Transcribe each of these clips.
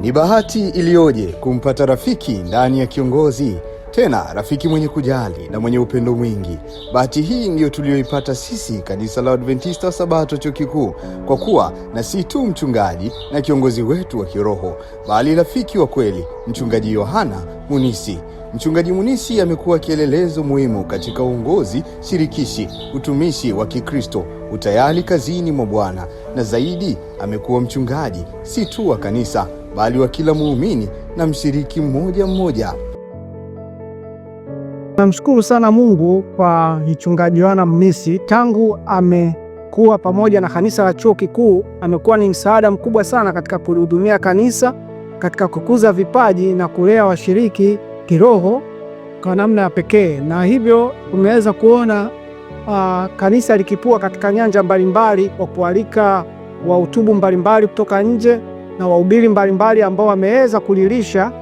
Ni bahati iliyoje kumpata rafiki ndani ya kiongozi, tena rafiki mwenye kujali na mwenye upendo mwingi. Bahati hii ndiyo tuliyoipata sisi kanisa la Adventista Sabato Chuo Kikuu, kwa kuwa na si tu mchungaji na kiongozi wetu wa kiroho, bali rafiki wa kweli, Mchungaji Yohana Munisi. Mchungaji Munisi amekuwa kielelezo muhimu katika uongozi shirikishi, utumishi wa Kikristo, utayari kazini mwa Bwana, na zaidi amekuwa mchungaji si tu wa kanisa bali wa kila muumini na mshiriki mmoja mmoja. Namshukuru sana Mungu kwa Mchungaji Yohana Mnisi, tangu amekuwa pamoja na kanisa la chuo kikuu, amekuwa ni msaada mkubwa sana katika kulihudumia kanisa, katika kukuza vipaji na kulea washiriki kiroho kwa namna ya pekee, na hivyo umeweza kuona uh, kanisa likipua katika nyanja mbalimbali kwa kualika wahutubu mbalimbali kutoka nje na wahubiri mbalimbali ambao wameweza kulilisha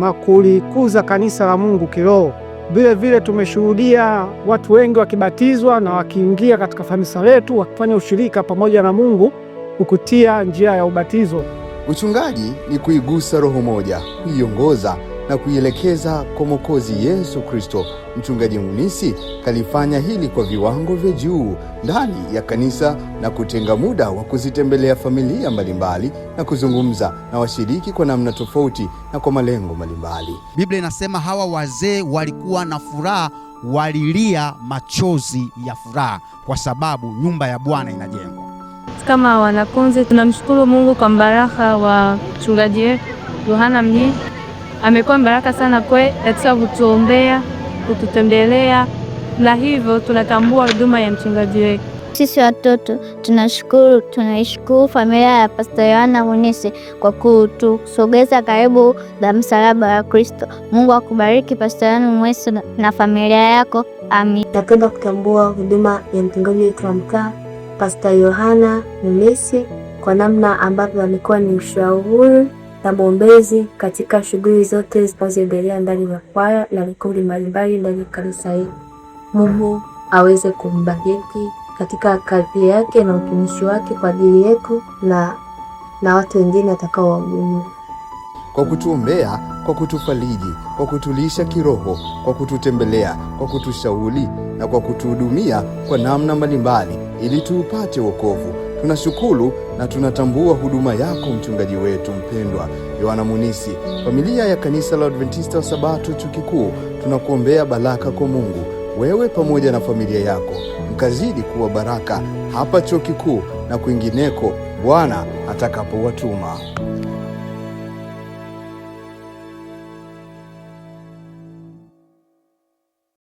na kulikuza kanisa la Mungu kiroho. Vile vile tumeshuhudia watu wengi wakibatizwa na wakiingia katika kanisa letu wakifanya ushirika pamoja na Mungu kukutia njia ya ubatizo. Uchungaji ni kuigusa roho moja, kuiongoza na kuielekeza kwa Mwokozi Yesu Kristo. Mchungaji Munisi kalifanya hili kwa viwango vya juu ndani ya kanisa na kutenga muda wa kuzitembelea familia mbalimbali na kuzungumza na washiriki kwa namna tofauti na kwa malengo mbalimbali. Biblia inasema hawa wazee walikuwa na furaha, walilia machozi ya furaha kwa sababu nyumba ya Bwana inajengwa. Kama wanafunzi tunamshukuru Mungu kwa mbaraka wa mchungaji Yohana Mjii amekuwa baraka sana kwe katika kutuombea, kututembelea na hivyo tunatambua huduma ya mchungaji wetu. Sisi watoto tunashukuru, tunaishukuru familia ya Pasta Yohana Munisi kwa kutusogeza karibu na msalaba wa Kristo. Mungu akubariki Pasta Yohana Munisi na familia yako, amin. Napenda kutambua huduma ya mchungaji wetu wa mtaa Pasta Yohana Munisi kwa namna ambavyo amekuwa ni ushauri na mwombezi katika shughuli zote zinazoendelea ndani ya kwaya na vikundi mbalimbali ndani ya kanisa hili. Mungu aweze kumbariki katika kazi yake na utumishi wake kwa ajili yetu na, na watu wengine watakaowahudumia kwa kutuombea, kwa kutufariji, kwa kutulisha kiroho, kwa kututembelea, kwa kutushauri na kwa kutuhudumia kwa namna mbalimbali ili tuupate wokovu. Tunashukuru na tunatambua huduma yako mchungaji wetu mpendwa Yohana Munisi. Familia ya kanisa la Adventista wa Sabato Chuo Kikuu tunakuombea baraka kwa Mungu, wewe pamoja na familia yako, mkazidi kuwa baraka hapa chuo kikuu na kwingineko Bwana atakapowatuma.